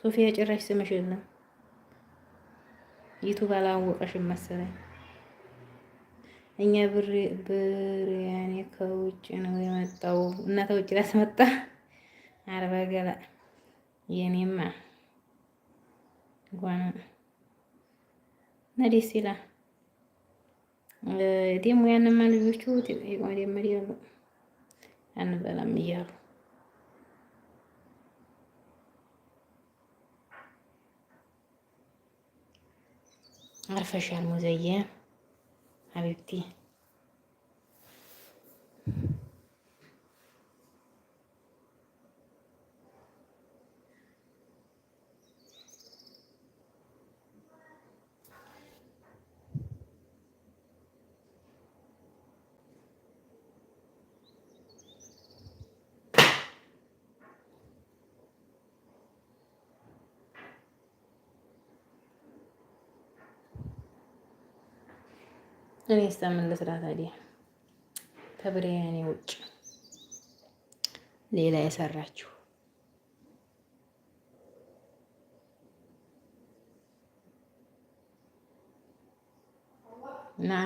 ሶፊያ ጭራሽ ስምሽ የለም። ዩቱብ አላወቀሽም መሰለኝ። እኛ ብር ብርያኔ ከውጭ ነው የመጣው እና ተውጭ ላስመጣ አርባ ገላ የኔማ ጓና ነዴስ ይላል ደግሞ ያንማ ልጆቹ የቆመ ደመድ ያሉ አንበላም እያሉ አርፈሻል ሙዘየ ሀቢብቲ እኔ እስከምን ልስራ ታዲያ ከብሪያኔ ውጭ ሌላ የሰራችሁ ና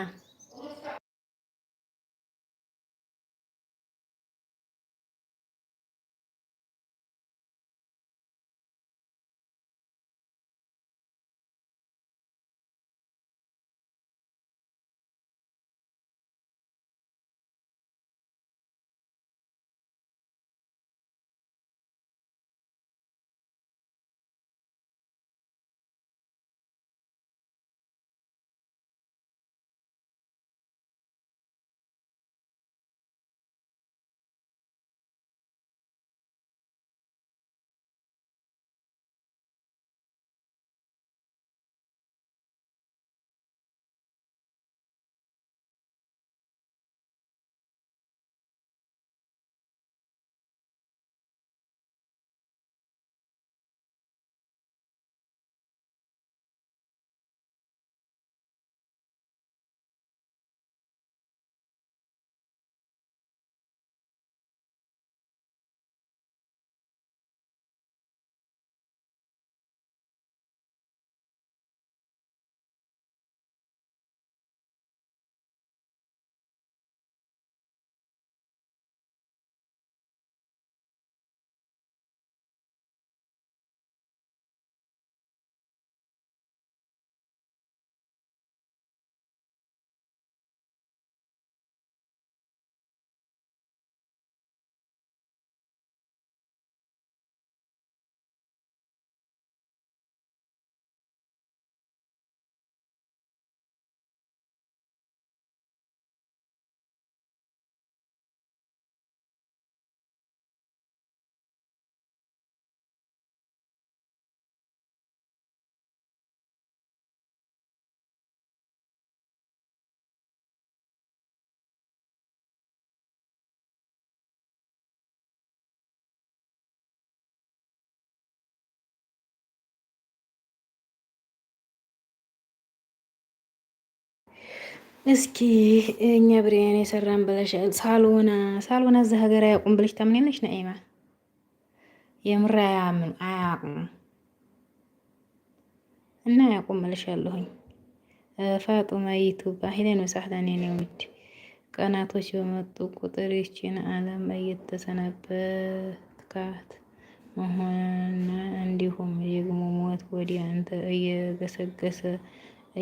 እስኪ እኛ ብሬን የሰራን ብለሽ ሳልሆነ ሳልሆነ እዚ ሀገር አያውቁም ብለሽ ታምኔነሽ ነኢማ የምራ አያምን አያውቁም እና አያውቁም እልሻለሁኝ። ፋጡማ ዩቱብ አሂለን ወሳህላን የኔ ውድ ቀናቶች በመጡ ቁጥር ይችን ዓለም እየተሰናበትካት መሆንና እንዲሁም ደግሞ ሞት ወዲያ አንተ እየገሰገሰ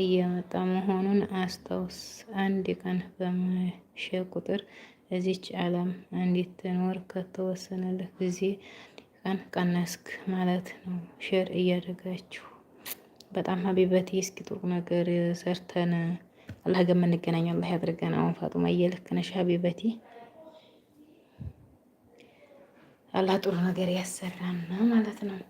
እየመጣ መሆኑን አስታውስ። አንድ ቀን በመሸ ቁጥር እዚች ዓለም እንድትኖር ከተወሰነልህ ጊዜ ቀን ቀነስክ ማለት ነው። ሼር እያደረጋችሁ በጣም ሀቢበት እስኪ ጥሩ ነገር ሰርተን አላህ ጋር የምንገናኘው አላህ ያድርገን። አሁን ፋጡማ እየልክ ነሽ ሀቢበቲ አላህ ጥሩ ነገር ያሰራና ማለት ነው።